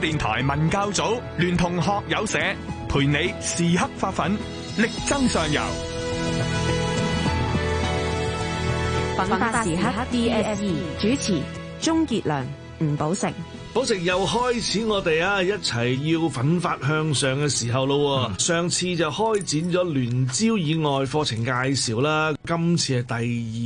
電台文教組聯同學友社陪你時刻發奮，力爭上游。奮發時刻 DSE 主持：鍾杰良、吳寶成。保成又開始我，啊，我哋啊一齊要奮發向上嘅時候咯，嗯、上次就開展咗聯招以外課程介紹啦，今次係第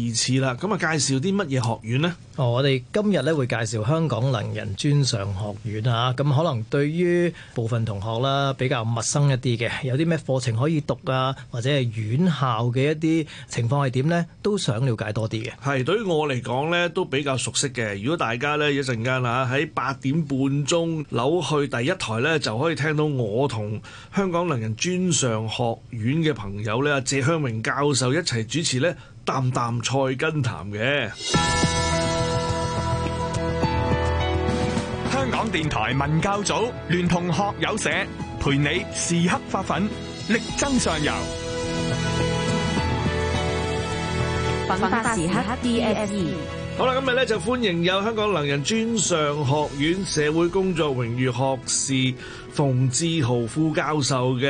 二次啦。咁啊，介紹啲乜嘢學院呢？哦，我哋今日咧會介紹香港能仁專上學院啊。咁可能對於部分同學啦比較陌生一啲嘅，有啲咩課程可以讀啊，或者係院校嘅一啲情況係點呢？都想了解多啲嘅。係對於我嚟講呢，都比較熟悉嘅。如果大家呢一陣間啊喺八點半鐘扭去第一台咧，就可以聽到我同香港能仁專上學院嘅朋友咧，謝香榮教授一齊主持咧《淡淡菜根談》嘅。香港電台文教組聯同學友社陪你時刻發奮，力爭上游。文化時刻 DSE。好啦，今日咧就歡迎有香港能仁專上學院社會工作榮譽學士馮志豪副教授嘅，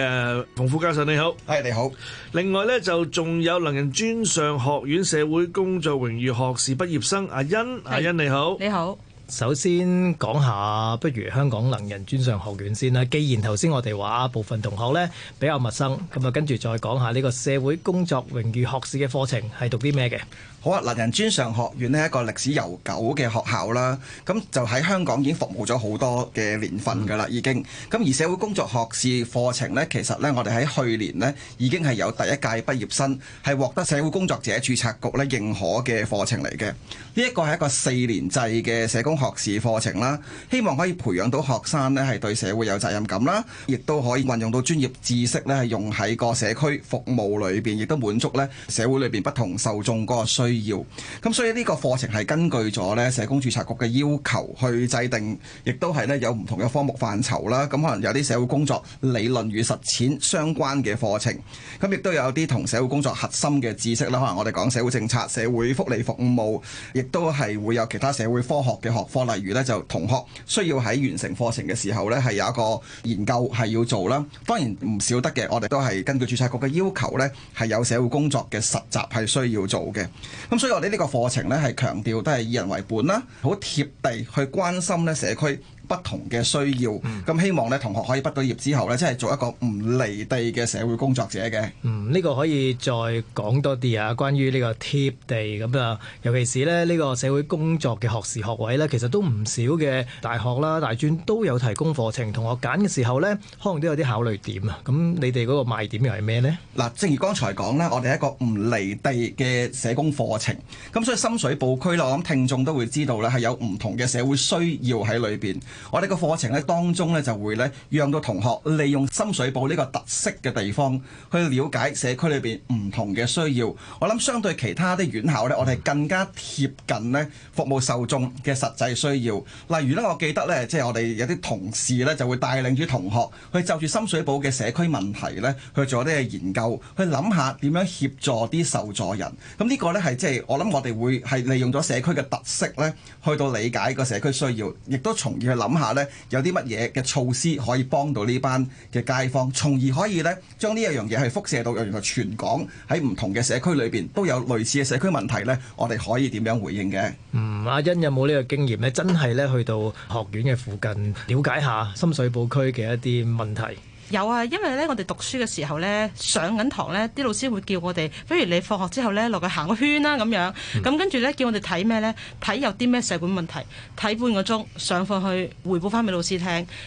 馮副教授你好，係你好。另外咧就仲有能仁專上學院社會工作榮譽學士畢業生阿恩，是阿恩你好，你好。你好首先講下，不如香港能仁專上學院先啦。既然頭先我哋話部分同學咧比較陌生，咁啊跟住再講下呢個社會工作榮譽學士嘅課程係讀啲咩嘅？好啊，能仁專上學院呢一個歷史悠久嘅學校啦，咁就喺香港已經服務咗好多嘅年份噶啦，已經，咁而社會工作學士課程咧，其實咧我哋喺去年咧已經係有第一屆畢業生係獲得社會工作者註冊局咧認可嘅課程嚟嘅。呢一個係一個四年制嘅社工。學士課程啦，希望可以培養到學生呢係對社會有責任感啦，亦都可以運用到專業知識呢係用喺個社區服務裏邊，亦都滿足呢社會裏邊不同受眾嗰個需要。咁所以呢個課程係根據咗呢社工註冊局嘅要求去制定，亦都係呢有唔同嘅科目範疇啦。咁可能有啲社會工作理論與實踐相關嘅課程，咁亦都有啲同社會工作核心嘅知識啦。可能我哋講社會政策、社會福利服務，亦都係會有其他社會科學嘅學。課。例如咧，就同學需要喺完成課程嘅時候呢，係有一個研究係要做啦。當然唔少得嘅，我哋都係根據註冊局嘅要求呢，係有社會工作嘅實習係需要做嘅。咁所以我哋呢個課程呢，係強調都係以人為本啦，好貼地去關心呢社區。不同嘅需要，咁希望咧同學可以畢到業之後咧，即係做一個唔離地嘅社會工作者嘅。嗯，呢個可以再講多啲啊，關於呢個貼地咁啊，尤其是咧呢個社會工作嘅學士學位咧，其實都唔少嘅大學啦、大專都有提供課程，同學揀嘅時候咧，可能都有啲考慮點啊。咁你哋嗰個賣點又係咩呢？嗱，正如剛才講啦，我哋一個唔離地嘅社工課程，咁所以深水埗區啦，我諗聽眾都會知道啦，係有唔同嘅社會需要喺裏邊。我哋個課程咧當中咧就會咧，讓到同學利用深水埗呢個特色嘅地方，去了解社區裏邊唔同嘅需要。我諗相對其他啲院校咧，我哋更加貼近咧服務受眾嘅實際需要。例如呢，我記得呢，即係我哋有啲同事呢，就會帶領住同學去就住深水埗嘅社區問題呢，去做啲研究，去諗下點樣協助啲受助人。咁呢個呢，係即係我諗我哋會係利用咗社區嘅特色呢，去到理解個社區需要，亦都從而去諗。諗下咧，有啲乜嘢嘅措施可以幫到呢班嘅街坊，從而可以咧將呢一樣嘢去輻射到原來全港喺唔同嘅社區裏邊都有類似嘅社區問題呢，我哋可以點樣回應嘅？嗯，阿恩有冇呢個經驗呢？真係咧去到學院嘅附近，了解下深水埗區嘅一啲問題。有啊，因為咧我哋讀書嘅時候咧，上緊堂咧，啲老師會叫我哋，不如你放學之後咧落去行個圈啦、啊、咁樣，咁、嗯、跟住咧叫我哋睇咩咧？睇有啲咩社會問題，睇半個鐘，上課去回報翻俾老師聽。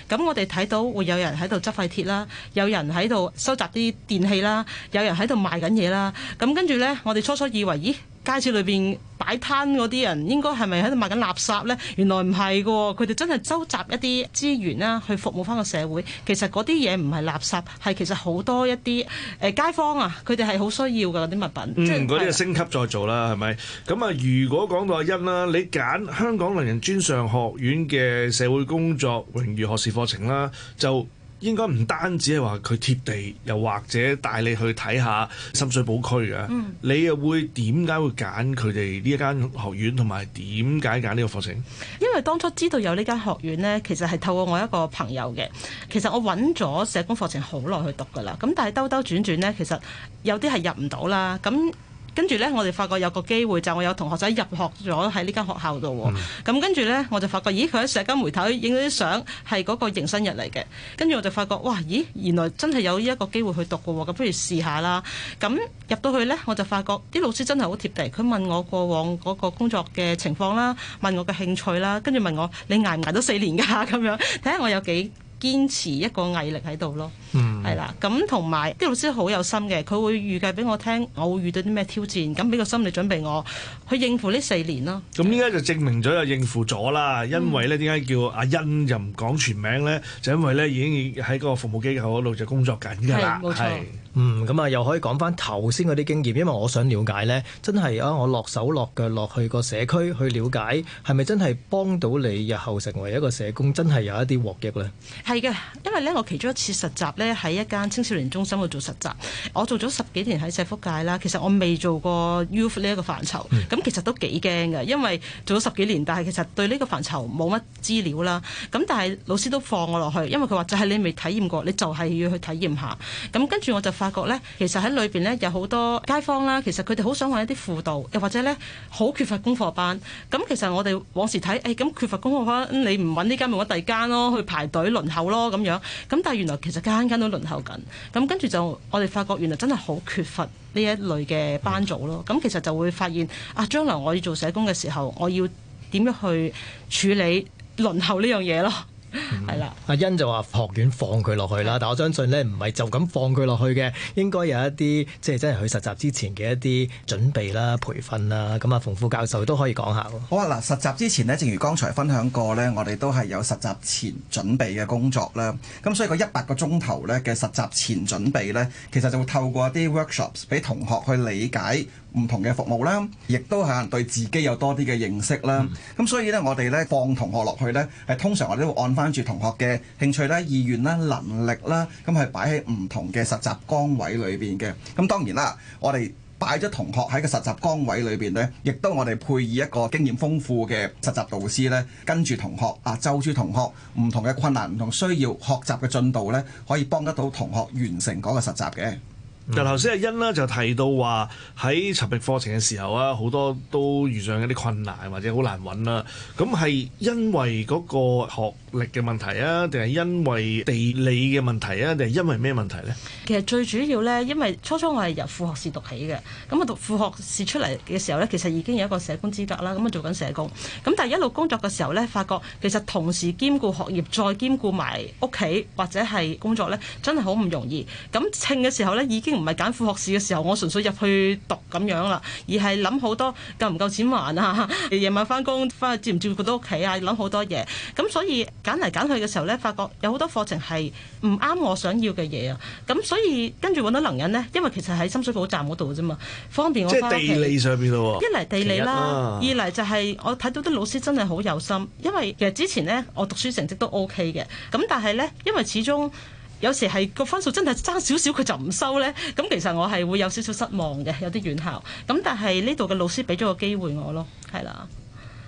咁我哋睇到會有人喺度執廢鐵啦，有人喺度收集啲電器啦，有人喺度賣緊嘢啦。咁跟住咧，我哋初初以為，咦？街市裏邊擺攤嗰啲人，應該係咪喺度賣緊垃圾呢？原來唔係嘅，佢哋真係籌集一啲資源啦，去服務返個社會。其實嗰啲嘢唔係垃圾，係其實好多一啲誒、呃、街坊啊，佢哋係好需要嘅嗰啲物品。嗯，嗰啲就是、是升級再造啦，係咪？咁啊，如果講到阿恩啦，你揀香港能仁專上學院嘅社會工作榮譽學士課程啦，就。應該唔單止係話佢貼地，又或者帶你去睇下深水埗區嘅。嗯、你又會點解會揀佢哋呢間學院，同埋點解揀呢個課程？因為當初知道有呢間學院呢，其實係透過我一個朋友嘅。其實我揾咗社工課程好耐去讀㗎啦。咁但係兜兜轉轉呢，其實有啲係入唔到啦。咁跟住呢，我哋發覺有個機會就我有同學仔入學咗喺呢間學校度，咁、嗯、跟住呢，我就發覺，咦，佢喺社交媒體影咗啲相，係嗰個迎新日嚟嘅。跟住我就發覺，哇，咦，原來真係有呢一個機會去讀嘅，咁不如試下啦。咁入到去呢，我就發覺啲老師真係好貼地，佢問我過往嗰個工作嘅情況啦，問我嘅興趣啦，跟住問我你捱唔捱到四年㗎、啊、咁樣，睇下我有幾堅持一個毅力喺度咯，係啦、嗯，咁同埋啲老師好有心嘅，佢會預計俾我聽，我會遇到啲咩挑戰，咁俾個心理準備我去應付呢四年咯。咁依家就證明咗又應付咗啦，因為咧點解叫阿恩又唔講全名咧？就因為咧已經喺個服務機構嗰度就工作緊㗎啦，冇錯。嗯，咁啊，又可以講翻頭先嗰啲經驗，因為我想了解咧，真係啊，我落手落腳落去個社區去了解，係咪真係幫到你日後成為一個社工，真係有一啲獲益咧？係嘅，因為咧，我其中一次實習咧，喺一間青少年中心度做實習，我做咗十幾年喺社福界啦，其實我未做過 Youth 呢一個範疇，咁、嗯、其實都幾驚嘅，因為做咗十幾年，但係其實對呢個範疇冇乜資料啦。咁但係老師都放我落去，因為佢話就係你未體驗過，你就係要去體驗下。咁跟住我就。發覺呢，其實喺裏邊呢，有好多街坊啦，其實佢哋好想揾一啲輔導，又或者呢，好缺乏功課班。咁、嗯、其實我哋往時睇，誒、哎、咁缺乏功課班，你唔揾呢間咪揾第二間咯，去排隊輪候咯咁樣。咁但係原來其實間間都輪候緊。咁、嗯、跟住就我哋發覺，原來真係好缺乏呢一類嘅班組咯。咁、嗯嗯、其實就會發現啊，將來我要做社工嘅時候，我要點樣去處理輪候呢樣嘢咯。係啦，嗯、Yeah. 阿欣就話學院放佢落去啦，但我相信呢唔係就咁放佢落去嘅，應該有一啲即係真係去實習之前嘅一啲準備啦、培訓啦，咁啊馮副教授都可以講下。好啊，嗱，實習之前呢，正如剛才分享過呢，我哋都係有實習前準備嘅工作啦，咁所以個一百個鐘頭呢嘅實習前準備呢，其實就會透過一啲 workshops 俾同學去理解。唔同嘅服務啦，亦都係對自己有多啲嘅認識啦。咁、嗯、所以呢，我哋呢放同學落去呢，係通常我哋都會按翻住同學嘅興趣啦、意願啦、能力啦，咁係擺喺唔同嘅實習崗位裏邊嘅。咁、嗯、當然啦，我哋擺咗同學喺個實習崗位裏邊呢，亦都我哋配以一個經驗豐富嘅實習導師呢，跟住同學啊，就住同學唔同嘅困難、唔同需要、學習嘅進度呢，可以幫得到同學完成嗰個實習嘅。嗱頭先阿欣呢就提到話喺籌備課程嘅時候啊，好多都遇上一啲困難或者好難揾啦。咁係因為嗰個學歷嘅問題啊，定係因為地理嘅問題啊，定係因為咩問題咧？其實最主要咧，因為初初我係由副學士讀起嘅，咁啊讀副學士出嚟嘅時候咧，其實已經有一個社工資格啦，咁啊做緊社工。咁但係一路工作嘅時候咧，發覺其實同時兼顧學業再兼顧埋屋企或者係工作咧，真係好唔容易。咁稱嘅時候咧，已經。唔係揀副學士嘅時候，我純粹入去讀咁樣啦，而係諗好多夠唔夠錢還啊，夜晚翻工，翻去接唔接得到屋企啊，諗好多嘢。咁所以揀嚟揀去嘅時候咧，發覺有好多課程係唔啱我想要嘅嘢啊。咁所以跟住揾到能仁呢，因為其實喺深水埗站嗰度啫嘛，方便我翻屋企。即係地理上邊咯。一嚟地理啦，啊、二嚟就係我睇到啲老師真係好有心，因為其實之前呢，我讀書成績都 OK 嘅，咁但係咧因為始終。有時係個分數真係爭少少，佢就唔收呢。咁其實我係會有少少失望嘅，有啲院校。咁但係呢度嘅老師俾咗個機會我咯，係啦。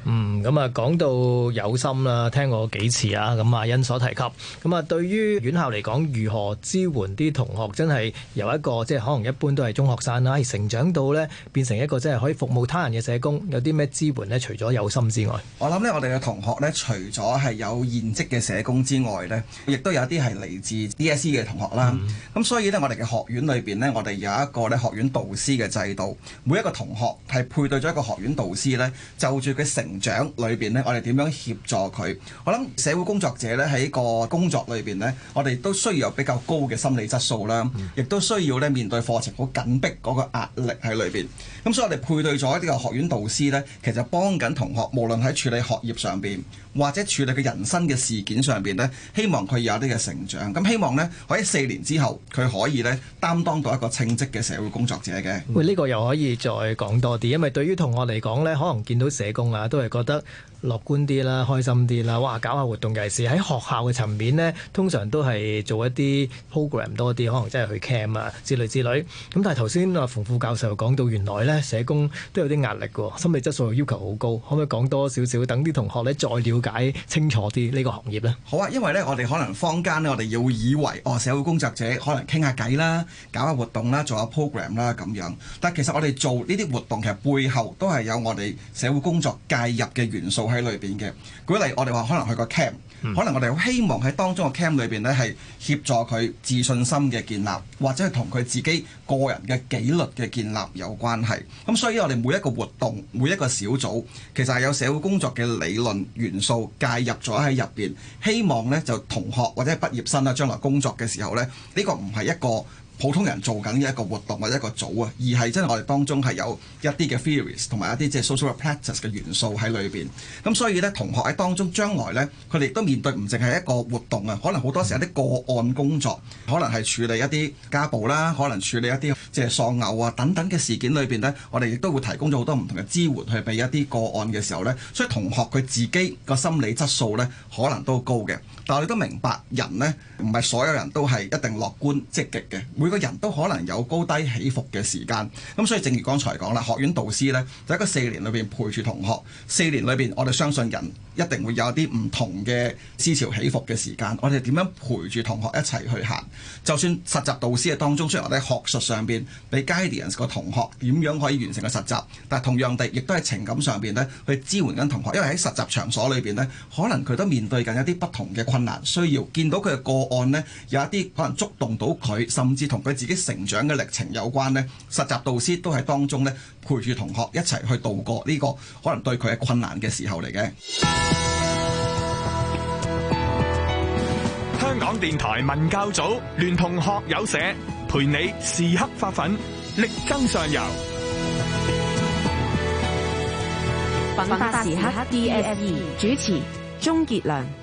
嗯，咁啊，講到有心啦，聽過幾次啊，咁啊，阿恩所提及，咁、嗯、啊，對於院校嚟講，如何支援啲同學，真係由一個即係可能一般都係中學生啦，而成長到呢變成一個即係可以服務他人嘅社工，有啲咩支援呢？除咗有心之外，我諗呢，我哋嘅同學呢，除咗係有現職嘅社工之外呢，亦都有啲係嚟自 DSE 嘅同學啦。咁、嗯嗯、所以呢，我哋嘅學院裏邊呢，我哋有一個呢學院導師嘅制度，每一個同學係配對咗一個學院導師呢，就住佢成長裏邊咧，我哋點樣協助佢？我諗社會工作者咧喺個工作裏邊咧，我哋都需要有比較高嘅心理質素啦，亦都需要咧面對課程好緊迫嗰個壓力喺裏邊。咁所以我哋配對咗呢個學院導師咧，其實幫緊同學，無論喺處理學業上邊，或者處理嘅人生嘅事件上邊咧，希望佢有啲嘅成長。咁希望咧，可以四年之後佢可以咧擔當到一個稱職嘅社會工作者嘅。喂，呢個又可以再講多啲，因為對於同學嚟講咧，可能見到社工啊都。就係覺得。樂觀啲啦，開心啲啦，哇！搞下活動，尤其是喺學校嘅層面咧，通常都係做一啲 program 多啲，可能真係去 camp 啊之類之類。咁但係頭先啊馮副教授又講到，原來咧社工都有啲壓力㗎，心理質素要求好高。可唔可以講多少少，等啲同學咧再瞭解清楚啲呢個行業咧？好啊，因為咧我哋可能坊間咧我哋要以為哦，社會工作者可能傾下偈啦，搞下活動啦，做下 program 啦咁樣。但係其實我哋做呢啲活動其實背後都係有我哋社會工作介入嘅元素。喺裏邊嘅舉例，我哋話可能去個 camp，嗯、可能我哋好希望喺當中個 camp 裏邊呢係協助佢自信心嘅建立，或者係同佢自己個人嘅紀律嘅建立有關係。咁所以我哋每一個活動、每一個小組，其實係有社會工作嘅理論元素介入咗喺入邊，希望呢就同學或者畢業生啦，將來工作嘅時候呢，呢、呢個唔係一個普通人做緊嘅一個活動或者一個組啊，而係真係我哋當中係有一啲嘅 theories 同埋一啲即係 social practices 嘅元素喺裏邊。咁所以咧，同學喺當中將來咧，佢哋亦都面對唔淨係一個活動啊，可能好多時有啲個案工作，可能係處理一啲家暴啦，可能處理一啲即係喪偶啊等等嘅事件裏邊咧，我哋亦都會提供咗好多唔同嘅支援去俾一啲個案嘅時候咧。所以同學佢自己個心理質素咧，可能都高嘅。但係你都明白人咧，唔係所有人都係一定樂觀積極嘅。每個人都可能有高低起伏嘅時間，咁所以正如剛才講啦，學院導師呢，就喺個四年裏邊陪住同學，四年裏邊我哋相信人一定會有一啲唔同嘅思潮起伏嘅時間。我哋點樣陪住同學一齊去行？就算實習導師嘅當中，雖然我哋學術上邊俾 guidance 個同學點樣可以完成個實習，但同樣地亦都係情感上邊呢，去支援緊同學，因為喺實習場所裏邊呢，可能佢都面對緊一啲不同嘅困難需要，見到佢嘅個案呢，有一啲可能觸動到佢，甚至，同佢自己成長嘅歷程有關呢，實習導師都係當中咧，陪住同學一齊去度過呢，這個可能對佢係困難嘅時候嚟嘅。香港電台文教組聯同學友社，陪你時刻發奮，力爭上游。粉發時刻 DSE 主持鍾傑良。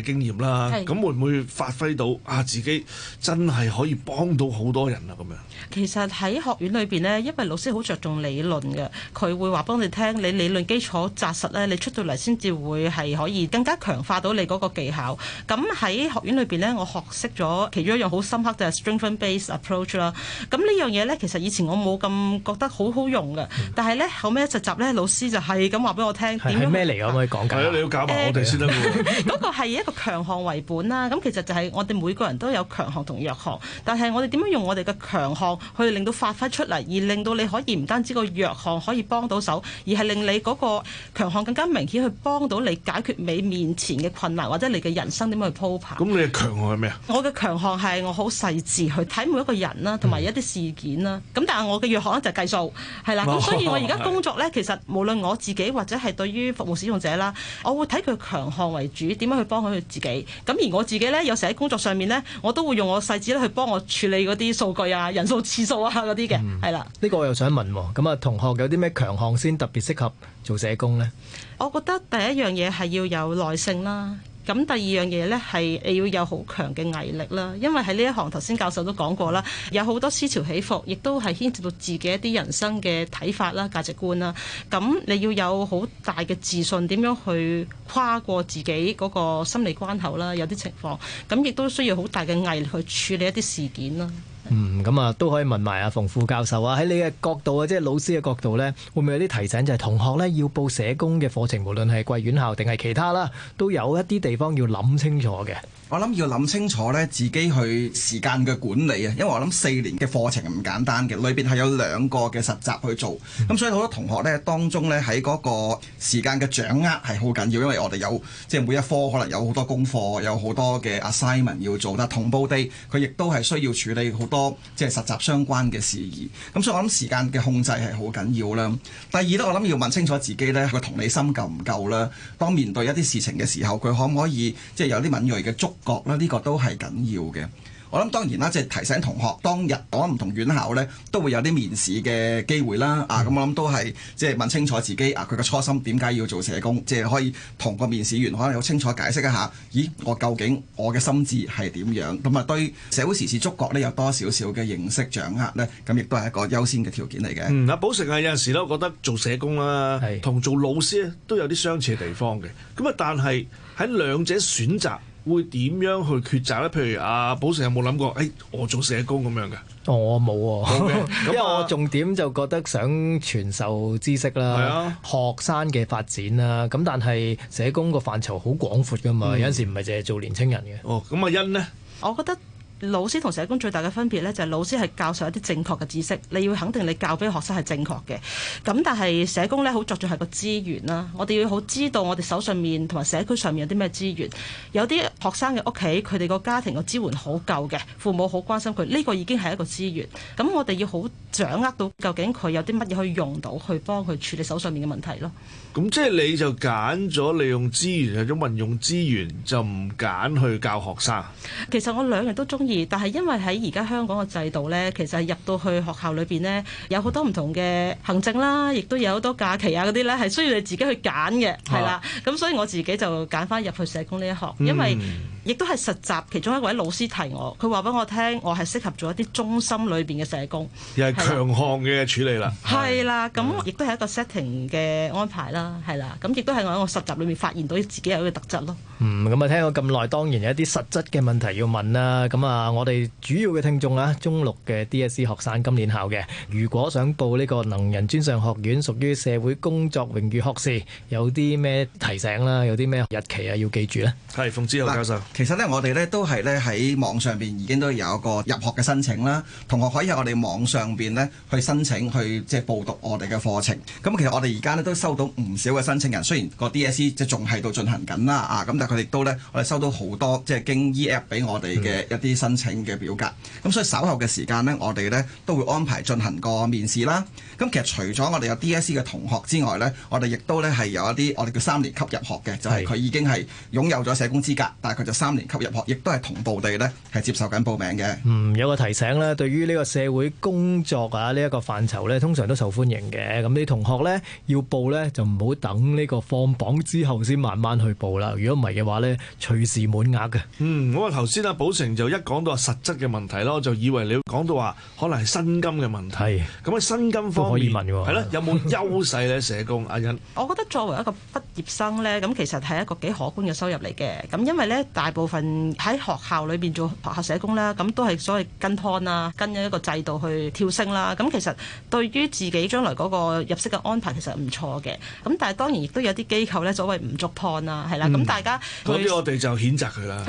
經驗啦，咁是會唔會發揮到啊？自己真係可以幫到好多人啦、啊，咁樣。其實喺學院裏邊呢，因為老師好着重理論嘅，佢會話俾我哋聽，你理論基礎紮實咧，你出到嚟先至會係可以更加強化到你嗰個技巧。咁喺學院裏邊呢，我學識咗其中一樣好深刻就係、是、strengthen based approach 啦。咁呢樣嘢呢，其實以前我冇咁覺得好好用嘅，嗯、但係呢，後尾實習呢，老師就係咁話俾我聽，點咩嚟可唔可以講解？你要教埋我哋先得㗎。嗰 一個強項為本啦，咁其實就係我哋每個人都有強項同弱項，但係我哋點樣用我哋嘅強項去令到發揮出嚟，而令到你可以唔單止個弱項可以幫到手，而係令你嗰個強項更加明顯去幫到你解決你面前嘅困難，或者你嘅人生點樣去鋪排。咁你嘅強項係咩啊？我嘅強項係我好細致去睇每一個人啦，同埋一啲事件啦。咁、嗯、但係我嘅弱項就係計數係啦。咁、哦、所以我而家工作咧，的其實無論我自己或者係對於服務使用者啦，我會睇佢強項為主，點樣去幫佢。佢自己。咁而我自己呢，有時喺工作上面呢，我都會用我細子咧去幫我處理嗰啲數據啊、人數、次數啊嗰啲嘅，係啦。嗯，呢個我又想問喎，咁，哦，啊同學有啲咩強項先特別適合做社工呢？我覺得第一樣嘢係要有耐性啦。咁第二樣嘢呢係要有好強嘅毅力啦，因為喺呢一行頭先教授都講過啦，有好多思潮起伏，亦都係牽涉到自己一啲人生嘅睇法啦、價值觀啦。咁你要有好大嘅自信，點樣去跨過自己嗰個心理關口啦。有啲情況，咁亦都需要好大嘅毅力去處理一啲事件啦。嗯，咁啊都可以問埋阿馮副教授啊，喺你嘅角度啊，即係老師嘅角度呢，會唔會有啲提醒，就係同學呢要報社工嘅課程，無論係貴院校定係其他啦，都有一啲地方要諗清楚嘅。我諗要諗清楚咧，自己去時間嘅管理啊，因為我諗四年嘅課程唔簡單嘅，裏邊係有兩個嘅實習去做，咁所以好多同學咧，當中咧喺嗰個時間嘅掌握係好緊要，因為我哋有即係每一科可能有好多功課，有好多嘅 assignment 要做啦，但同步地佢亦都係需要處理好多即係實習相關嘅事宜，咁所以我諗時間嘅控制係好緊要啦。第二咧，我諗要問清楚自己咧，個同理心夠唔夠啦？當面對一啲事情嘅時候，佢可唔可以即係有啲敏鋭嘅觸覺呢個都係緊要嘅。我諗當然啦，即係提醒同學，當日我唔同院校呢都會有啲面試嘅機會啦。嗯、啊，咁我諗都係即係問清楚自己啊，佢嘅初心點解要做社工，即係可以同個面試員可能有清楚解釋一下。咦，我究竟我嘅心智係點樣？咁啊，對社會時事觸覺呢有多少少嘅認識掌握呢？咁亦都係一個優先嘅條件嚟嘅。嗯，啊，成啊，有陣時咧，我覺得做社工啦、啊，同是做老師都有啲相似地方嘅。咁啊，但係喺兩者選擇。會點樣去抉擇咧？譬如阿寶成有冇諗過？誒、哎，我做社工咁樣嘅？我冇喎。好、啊、Okay, 因為我重點就覺得想傳授知識啦，啊、學生嘅發展啦。咁但係社工個範疇好廣闊噶嘛，嗯、有陣時唔係淨係做年青人嘅。哦，咁阿恩咧？我覺得。老師同社工最大嘅分別呢，就係老師係教授一啲正確嘅知識，你要肯定你教俾學生係正確嘅。咁但係社工呢，好着重係個資源啦。我哋要好知道我哋手上面同埋社區上面有啲咩資源。有啲學生嘅屋企，佢哋個家庭嘅支援好夠嘅，父母好關心佢。呢個已經係一個資源。咁我哋要好掌握到究竟佢有啲乜嘢可以用到，去幫佢處理手上面嘅問題咯。咁即係你就揀咗利用資源，或者運用資源就唔揀去教學生。其實我兩樣都中意，但係因為喺而家香港嘅制度呢，其實入到去學校裏邊呢，有好多唔同嘅行政啦，亦都有好多假期啊嗰啲呢，係需要你自己去揀嘅，係啦、啊。咁所以我自己就揀翻入去社工呢一行，因為、嗯。亦都係實習其中一位老師提我，佢話俾我聽，我係適合做一啲中心裏邊嘅社工，又係強項嘅處理啦。係啦，咁亦都係一個 setting 嘅安排啦，係啦，咁亦都係我喺我實習裏面發現到自己有一個特質咯。嗯，咁啊，聽咗咁耐，當然有一啲實質嘅問題要問啦。咁啊，我哋主要嘅聽眾啊，中六嘅 DSE 學生今年考嘅，如果想報呢個能仁專上學院，屬於社會工作榮譽學士，有啲咩提醒啦？有啲咩日期啊要記住咧？係馮志豪教授。其實呢，我哋呢都係呢喺網上邊已經都有一個入學嘅申請啦。同學可以喺我哋網上邊呢去申請，去即係報讀我哋嘅課程。咁、嗯、其實我哋而家呢都收到唔少嘅申請人，雖然個 DSE 即仲係度進行緊啦啊，咁但係佢哋都呢，我哋收到好多即係經 E-APP 俾我哋嘅一啲申請嘅表格。咁、嗯嗯、所以稍後嘅時間呢，我哋呢都會安排進行個面試啦。咁、嗯、其實除咗我哋有 DSE 嘅同學之外呢，我哋亦都呢係有一啲我哋叫三年級入學嘅，就係、是、佢已經係擁有咗社工資格，但係佢就。三年級入學，亦都係同步地呢係接受緊報名嘅。嗯，有個提醒啦，對於呢個社會工作啊呢一個範疇呢，通常都受歡迎嘅。咁啲同學呢，要報呢，就唔好等呢個放榜之後先慢慢去報啦。如果唔係嘅話呢，隨時滿額嘅。嗯，我頭先阿寶成就一講到實質嘅問題咯，就以為你講到話可能係薪金嘅問題。咁喺薪金方面，都可以問嘅係啦，有冇優勢呢？ 社工阿欣，我覺得作為一個畢業生呢，咁其實係一個幾可觀嘅收入嚟嘅。咁因為呢。部分喺學校裏邊做學校社工啦，咁都係所謂跟湯啦，跟一個制度去跳升啦。咁其實對於自己將來嗰個入息嘅安排，其實唔錯嘅。咁但係當然亦都有啲機構咧，所謂唔足 pon 啦，係啦。咁大家嗰啲我哋就譴責佢啦。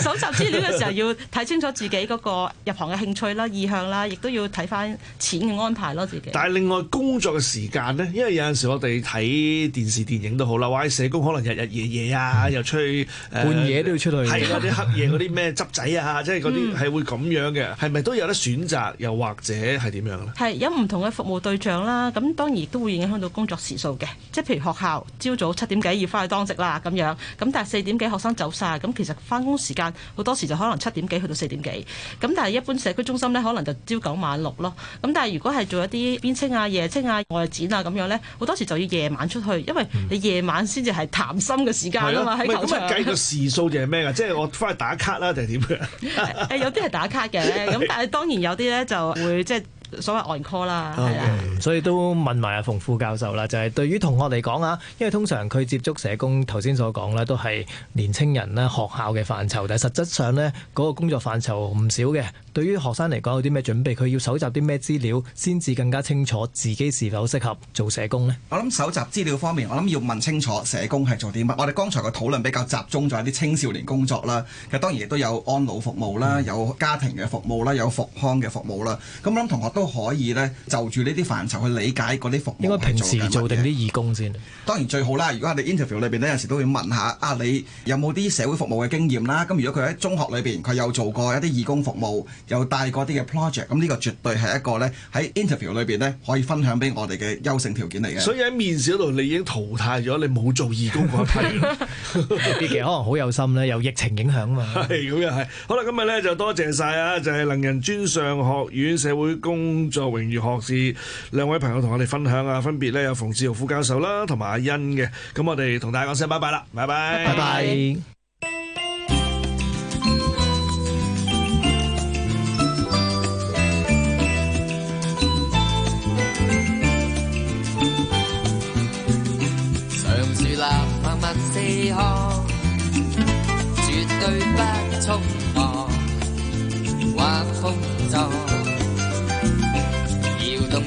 搜 集資料嘅時候要睇清楚自己嗰個入行嘅興趣啦、意向啦，亦都要睇翻錢嘅安排咯，自己。但係另外工作嘅時間呢，因為有陣時我哋睇電視電影都好啦，或者社工可能日日夜，夜夜啊，嗯、又出去半夜都要出去。係啦，啲、 啊、黑夜嗰啲咩執仔啊，即係嗰啲係會咁樣嘅，係咪、嗯、都有得選擇，又或者係點樣咧？係有唔同嘅服務對象啦，咁當然都會影響到工作時數嘅。即係譬如學校朝早七點幾要翻去當值啦，咁樣咁但係四點幾學生走晒，咁其實翻工時間好多時就可能七點幾去到四點幾。咁但係一般社區中心咧，可能就朝九晚六咯。咁但係如果係做一啲邊清啊、夜清啊、外展啊咁樣咧，好多時就要夜晚出去，因為你夜晚先至係談心嘅時間、嗯、啊嘛，喺頭上。咁咪計嘅時數就係咩啊？ 即係我翻去打卡啦，定係點嘅？誒、 哎、有啲係打卡嘅，咁但係當然有啲咧就會即係。所謂外 call 啦、uh, 的嗯，所以都問埋阿馮副教授啦，就係、是、對於同學嚟講啊，因為通常佢接觸社工頭先所講咧，都係年青人啦、學校嘅範疇，但係實質上咧嗰、那個工作範疇唔少嘅。對於學生嚟講，有啲咩準備，佢要搜集啲咩資料先至更加清楚自己是否適合做社工呢？我諗搜集資料方面，我諗要問清楚社工係做啲乜。我哋剛才嘅討論比較集中咗喺啲青少年工作啦，其實當然亦都有安老服務啦，有家庭嘅服務啦，有復康嘅服務啦。咁我諗同學都。都可以咧，就住呢啲範疇去理解嗰啲服務。應該平時做定啲義工先，當然最好啦。如果我哋 interview 裏邊咧，有時都會問下啊，你有冇啲社會服務嘅經驗啦？咁如果佢喺中學裏邊，佢有做過一啲義工服務，有帶過啲嘅 project，咁呢個絕對係一個咧喺 interview 裏邊咧可以分享俾我哋嘅優勝條件嚟嘅。所以喺面試嗰度，你已經淘汰咗你冇做義工嗰一批。別 可能好有心咧，有疫情影響嘛。係， 咁又係好啦，今日咧就多謝晒啊！就係、是、能仁專上學院社會工。工作榮譽學士，兩位朋友同我哋分享啊，分別咧有馮志豪副教授啦，同埋阿恩嘅，咁我哋同大家講聲拜拜啦，拜拜，拜拜。上樹立默默四項，絕對不匆忙，畫風象。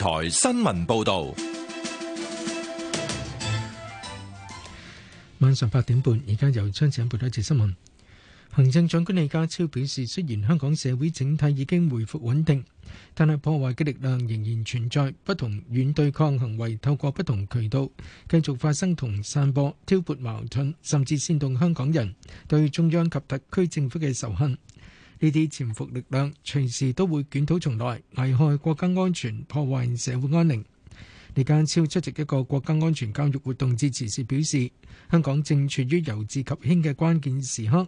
台新聞報導，晚上八點半，而家由張子欣報一節新聞。行政長官李家超表示，雖然香港社會整體已經恢復穩定，但係破壞嘅力量仍然存在，不同軟對抗行為透過不同渠道繼續發生同散播，挑撥矛盾，甚至煽動香港人對中央及特區政府嘅仇恨。呢啲潛伏力量隨時都會捲土重來，危害國家安全，破壞社會安寧。李家超出席一個國家安全教育活動致辭時，時表示，香港正處於由治及興嘅關鍵時刻，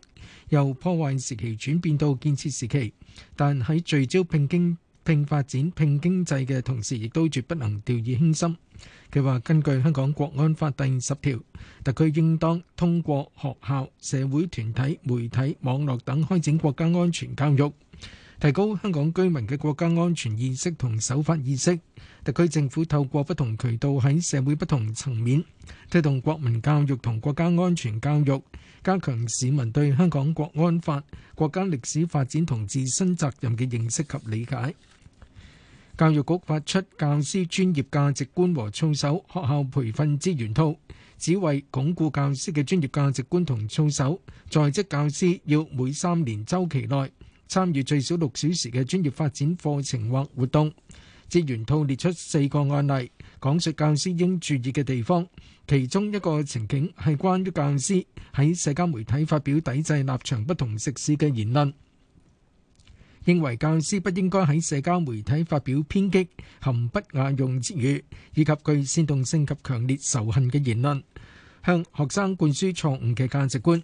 由破壞時期轉變到建設時期，但喺聚焦拼經，拼發展、拼經濟嘅同時，亦都絕不能掉以輕心。佢話：根據香港國安法第十條，特區應當通過學校、社會團體、媒體、網絡等開展國家安全教育，提高香港居民嘅國家安全意識同守法意識。特區政府透過不同渠道喺社會不同層面推動國民教育同國家安全教育，加強市民對香港國安法、國家歷史發展同自身責任嘅認識及理解。教育局發出教師專業價值觀和操守學校培訓資源套，只為鞏固教師嘅專業價值觀同操守。在職教師要每三年周期內參與最少六小時嘅專業發展課程或活動。資源套列出四個案例，講述教師應注意嘅地方。其中一個情景係關於教師喺社交媒體發表抵制立場不同食肆嘅言論。認為教師不應該喺社交媒體發表偏激、含不雅用詞語以及具煽動性及強烈仇恨嘅言論，向學生灌輸錯誤嘅價值觀。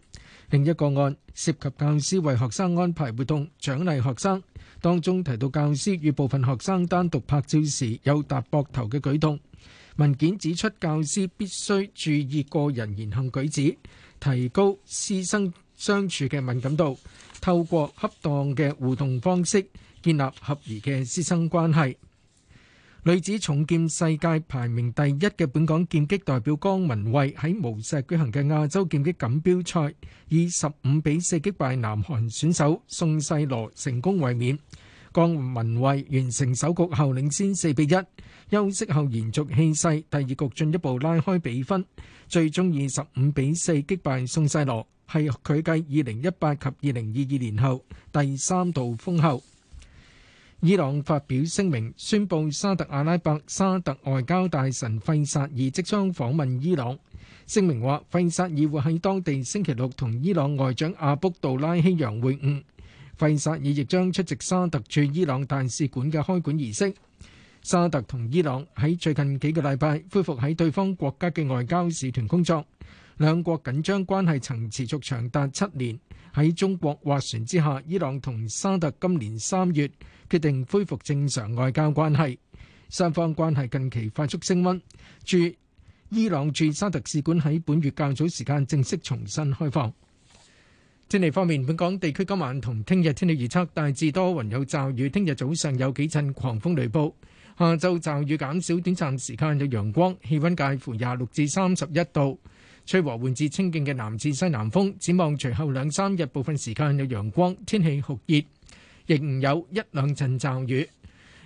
另一個案涉及教師為學生安排活動，獎勵學生，當中提到教師與部分學生單獨拍照時有搭膊頭嘅舉動。文件指出，教師必須注意個人言行舉止，提高師生相處嘅敏感度。透過恰當嘅互動方式，建立合宜嘅師生關係。女子重劍世界排名第一嘅本港劍擊代表江文慧喺無錫舉行嘅亞洲劍擊錦標賽，以十五比四擊敗南韓選手宋世羅，成功衛冕。江文慧完成首局後領先四比一，休息後延續氣勢，第二局進一步拉開比分，最終以十五比四擊敗宋世羅。係佢繼2018及2022年後第三度封后。伊朗發表聲明，宣布沙特阿拉伯沙特外交大臣費薩爾即將訪問伊朗。聲明話，費薩爾會喺當地星期六同伊朗外長阿卜杜拉希揚會晤。費薩爾亦將出席沙特駐伊朗大使館嘅開館儀式。沙特同伊朗喺最近幾個禮拜恢復喺對方國家嘅外交使團工作。兩國緊張關係曾持續長達七年。喺中國斡旋之下，伊朗同沙特今年三月決定恢復正常外交關係。雙方關係近期快速升溫。駐伊朗駐沙特使館喺本月較早時間正式重新開放。天氣方面，本港地區今晚同聽日天氣預測大致多雲有驟雨，聽日早上有幾陣狂風雷暴，下晝驟雨減少，短暫時間有陽光，氣溫介乎廿六至三十一度。吹和緩至清勁嘅南至西南風，展望隨後兩三日部分時間有陽光，天氣酷熱，仍有一兩陣驟雨。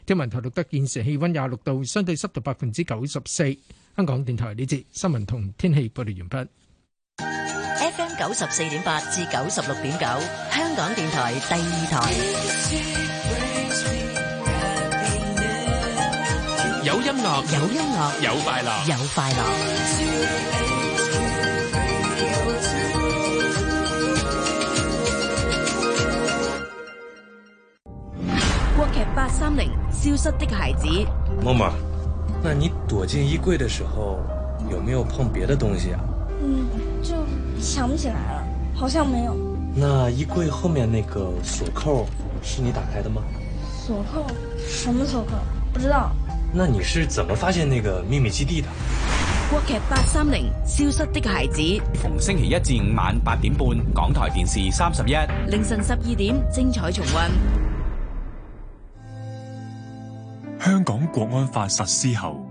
天文台錄得現時氣温廿六度，相對濕度百分之九十四。香港電台呢節新聞同天氣報道完畢。FM 九十四點八至九十六點九，香港電台第二台。有音樂，有音樂，有快樂，有快樂。《破解八三零消失的孩子》。默默，那你躲進衣櫃的時候，有沒有碰別的東西啊？嗯，就想不起來了，好像沒有。那衣櫃後面那個鎖扣，是你打開的嗎？鎖扣？什麼鎖扣？不知道。那你是怎麼發現那個秘密基地的？國劇《八三零》消失的孩子，逢星期一至五晚八點半，港台電視三十一，凌晨十二點精彩重温。香港國安法實施後。